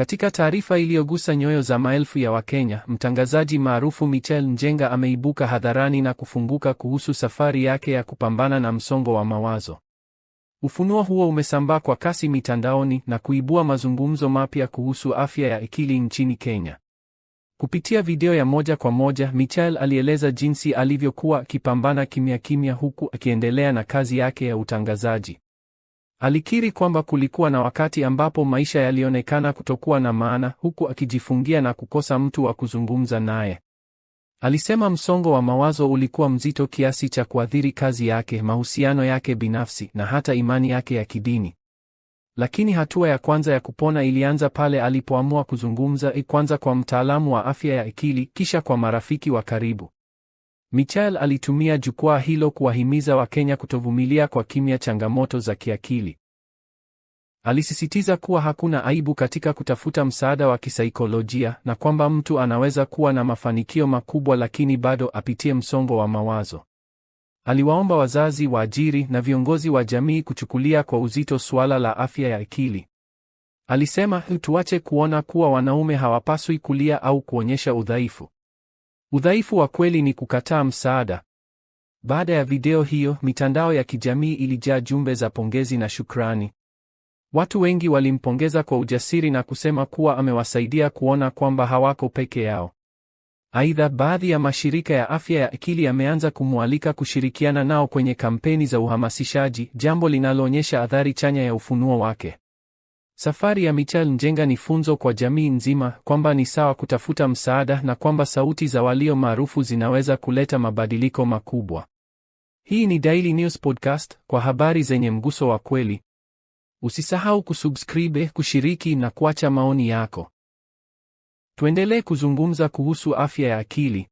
Katika taarifa iliyogusa nyoyo za maelfu ya Wakenya, mtangazaji maarufu Michael Njenga ameibuka hadharani na kufunguka kuhusu safari yake ya kupambana na msongo wa mawazo. Ufunuo huo umesambaa kwa kasi mitandaoni na kuibua mazungumzo mapya kuhusu afya ya akili nchini Kenya. Kupitia video ya moja kwa moja, Michel alieleza jinsi alivyokuwa akipambana kimya kimya huku akiendelea na kazi yake ya utangazaji. Alikiri kwamba kulikuwa na wakati ambapo maisha yalionekana kutokuwa na maana, huku akijifungia na kukosa mtu wa kuzungumza naye. Alisema msongo wa mawazo ulikuwa mzito kiasi cha kuathiri kazi yake, mahusiano yake binafsi na hata imani yake ya kidini. Lakini hatua ya kwanza ya kupona ilianza pale alipoamua kuzungumza, kwanza kwa mtaalamu wa afya ya akili, kisha kwa marafiki wa karibu. Michael alitumia jukwaa hilo kuwahimiza Wakenya kutovumilia kwa kimya changamoto za kiakili. Alisisitiza kuwa hakuna aibu katika kutafuta msaada wa kisaikolojia na kwamba mtu anaweza kuwa na mafanikio makubwa lakini bado apitie msongo wa mawazo. Aliwaomba wazazi, waajiri na viongozi wa jamii kuchukulia kwa uzito suala la afya ya akili. Alisema, tuache kuona kuwa wanaume hawapaswi kulia au kuonyesha udhaifu. Udhaifu wa kweli ni kukataa msaada. Baada ya video hiyo, mitandao ya kijamii ilijaa jumbe za pongezi na shukrani. Watu wengi walimpongeza kwa ujasiri na kusema kuwa amewasaidia kuona kwamba hawako peke yao. Aidha, baadhi ya mashirika ya afya ya akili yameanza kumwalika kushirikiana nao kwenye kampeni za uhamasishaji, jambo linaloonyesha athari chanya ya ufunuo wake. Safari ya Michael Njenga ni funzo kwa jamii nzima kwamba ni sawa kutafuta msaada na kwamba sauti za walio maarufu zinaweza kuleta mabadiliko makubwa. Hii ni Daily News Podcast kwa habari zenye mguso wa kweli. Usisahau kusubscribe, kushiriki na kuacha maoni yako. Tuendelee kuzungumza kuhusu afya ya akili.